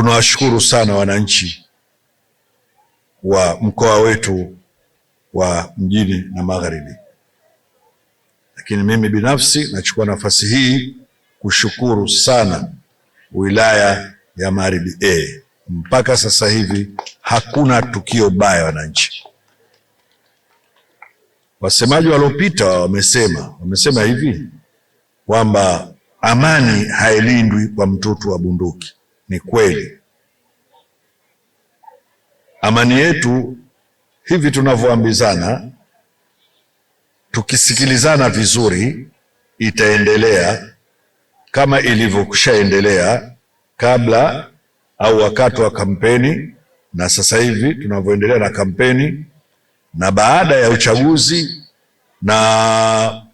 Tunawashukuru sana wananchi wa mkoa wetu wa mjini na magharibi, lakini mimi binafsi nachukua nafasi hii kushukuru sana wilaya ya Magharibi A. Mpaka sasa hivi hakuna tukio baya wananchi. Wasemaji waliopita wamesema wamesema hivi kwamba amani hailindwi kwa mtutu wa bunduki ni kweli. Amani yetu hivi tunavyoambizana, tukisikilizana vizuri, itaendelea kama ilivyokushaendelea kabla au wakati wa kampeni na sasa hivi tunavyoendelea na kampeni na baada ya uchaguzi na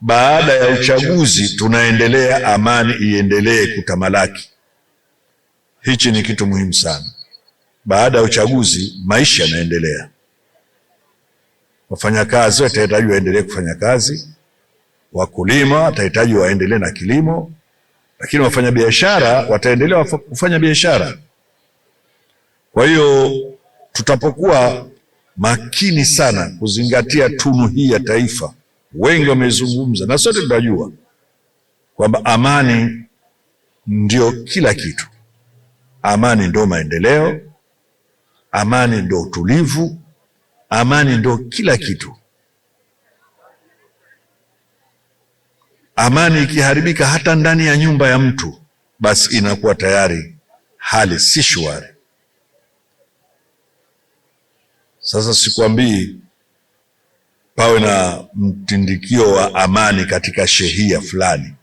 baada ya uchaguzi tunaendelea, amani iendelee kutamalaki. Hichi ni kitu muhimu sana. Baada ya uchaguzi, maisha yanaendelea, wafanyakazi watahitaji waendelee kufanya kazi, wakulima watahitaji waendelee na kilimo, lakini wafanyabiashara wataendelea kufanya biashara. Kwa hiyo tutapokuwa makini sana kuzingatia tunu hii ya taifa, wengi wamezungumza na sote tunajua kwamba amani ndio kila kitu. Amani ndo maendeleo, eh. amani ndo utulivu, amani ndo kila eh. kitu. Amani ikiharibika hata ndani ya nyumba ya mtu, basi inakuwa tayari hali si shwari. Sasa sikwambii pawe na mtindikio wa amani katika shehia fulani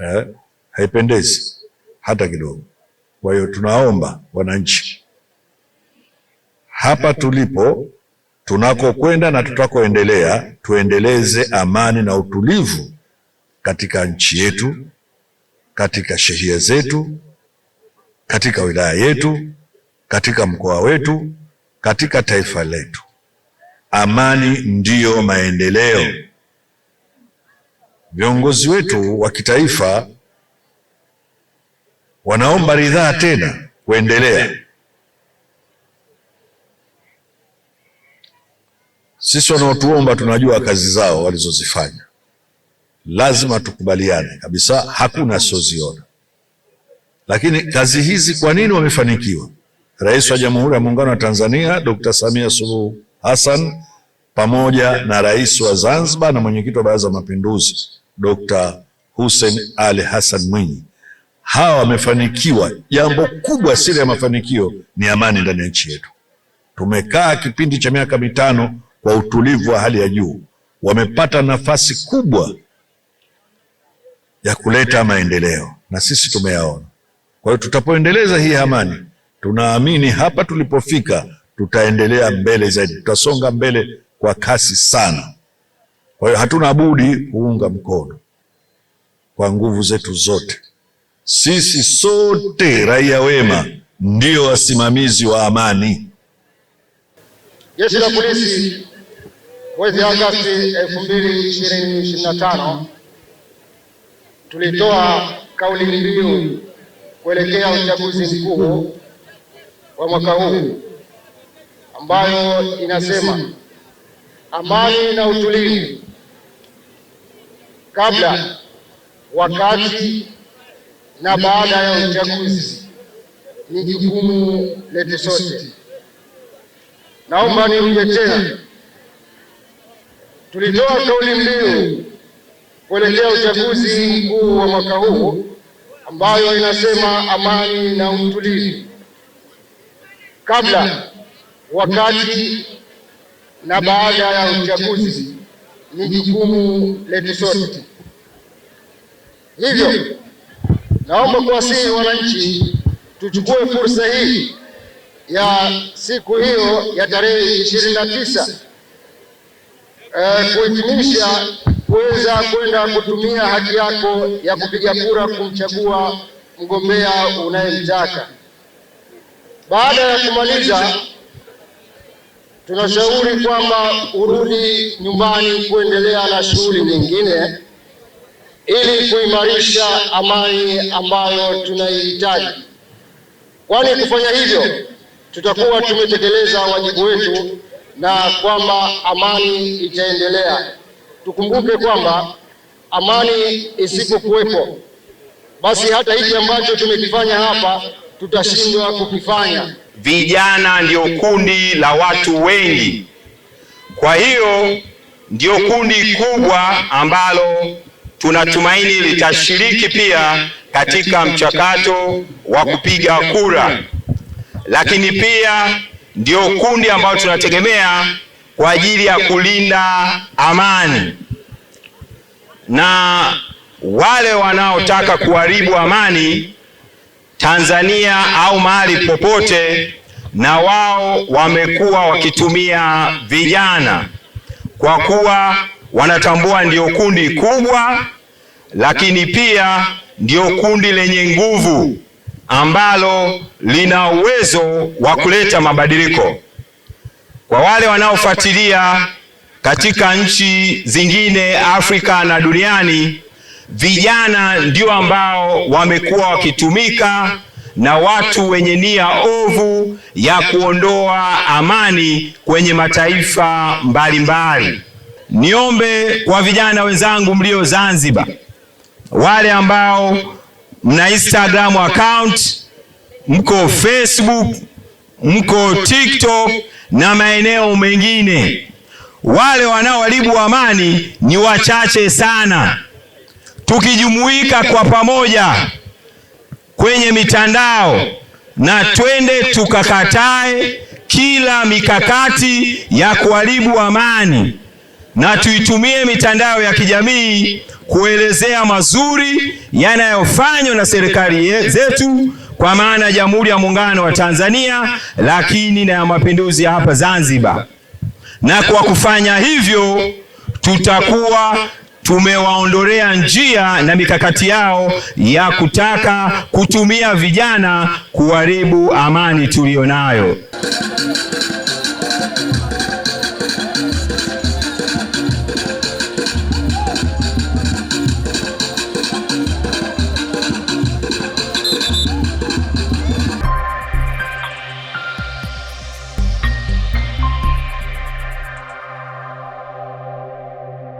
eh, haipendezi hata kidogo. Kwa hiyo tunaomba wananchi hapa tulipo, tunakokwenda na tutakoendelea, tuendeleze amani na utulivu katika nchi yetu, katika shehia zetu, katika wilaya yetu, katika mkoa wetu, katika taifa letu. Amani ndiyo maendeleo. Viongozi wetu wa kitaifa wanaomba ridhaa tena kuendelea. Sisi wanaotuomba tunajua kazi zao walizozifanya, lazima tukubaliane kabisa, hakuna asioziona. Lakini kazi hizi kwa nini wamefanikiwa? Rais wa Jamhuri ya Muungano wa Tanzania Dr. Samia Suluhu Hassan pamoja na rais wa Zanzibar na mwenyekiti wa Baraza la Mapinduzi Dr. Hussein Ali Hassan Mwinyi hawa wamefanikiwa. Jambo kubwa, siri ya mafanikio ni amani ndani ya nchi yetu. Tumekaa kipindi cha miaka mitano kwa utulivu wa hali ya juu, wamepata nafasi kubwa ya kuleta maendeleo na sisi tumeyaona. Kwa hiyo tutapoendeleza hii amani, tunaamini hapa tulipofika tutaendelea mbele zaidi, tutasonga mbele kwa kasi sana. Kwa hiyo hatuna budi kuunga mkono kwa nguvu zetu zote. Sisi sote raia wema ndio wasimamizi wa amani. Jeshi la Polisi mwezi Agosti tano tulitoa kauli mbiu kuelekea uchaguzi mkuu wa mwaka huu ambayo inasema amani na utulivu kabla, wakati na baada ya uchaguzi ni jukumu letu sote. Naomba nirudie tena, tulitoa kauli mbiu kuelekea uchaguzi mkuu wa mwaka huu ambayo inasema amani na utulivu, kabla, wakati na baada ya uchaguzi ni jukumu letu sote. Hivyo Naomba kuwasihi wananchi tuchukue fursa hii ya siku hiyo ya tarehe ishirini na tisa eh, kuhitimisha kuweza kwenda kutumia haki yako ya kupiga kura kumchagua mgombea unayemtaka. Baada ya kumaliza, tunashauri kwamba urudi nyumbani kuendelea na shughuli nyingine ili kuimarisha amani ambayo tunaihitaji, kwani kufanya hivyo tutakuwa tumetekeleza wajibu wetu na kwamba amani itaendelea. Tukumbuke kwamba amani isipokuwepo, basi hata hiki ambacho tumekifanya hapa tutashindwa kukifanya. Vijana ndio kundi la watu wengi, kwa hiyo ndio kundi kubwa ambalo tunatumaini litashiriki pia katika mchakato wa kupiga kura, lakini pia ndio kundi ambalo tunategemea kwa ajili ya kulinda amani na wale wanaotaka kuharibu amani Tanzania au mahali popote, na wao wamekuwa wakitumia vijana kwa kuwa wanatambua ndio kundi kubwa, lakini pia ndio kundi lenye nguvu ambalo lina uwezo wa kuleta mabadiliko. Kwa wale wanaofuatilia katika nchi zingine Afrika na duniani, vijana ndio ambao wamekuwa wakitumika na watu wenye nia ovu ya kuondoa amani kwenye mataifa mbalimbali mbali niombe kwa vijana wenzangu mlio Zanzibar, wale ambao mna Instagram account, mko Facebook, mko TikTok na maeneo mengine, wale wanaoharibu amani ni wachache sana. Tukijumuika kwa pamoja kwenye mitandao na twende tukakatae kila mikakati ya kuharibu amani na tuitumie mitandao ya kijamii kuelezea mazuri yanayofanywa na serikali zetu kwa maana ya Jamhuri ya Muungano wa Tanzania, lakini na ya mapinduzi ya hapa Zanzibar. Na kwa kufanya hivyo tutakuwa tumewaondolea njia na mikakati yao ya kutaka kutumia vijana kuharibu amani tuliyonayo.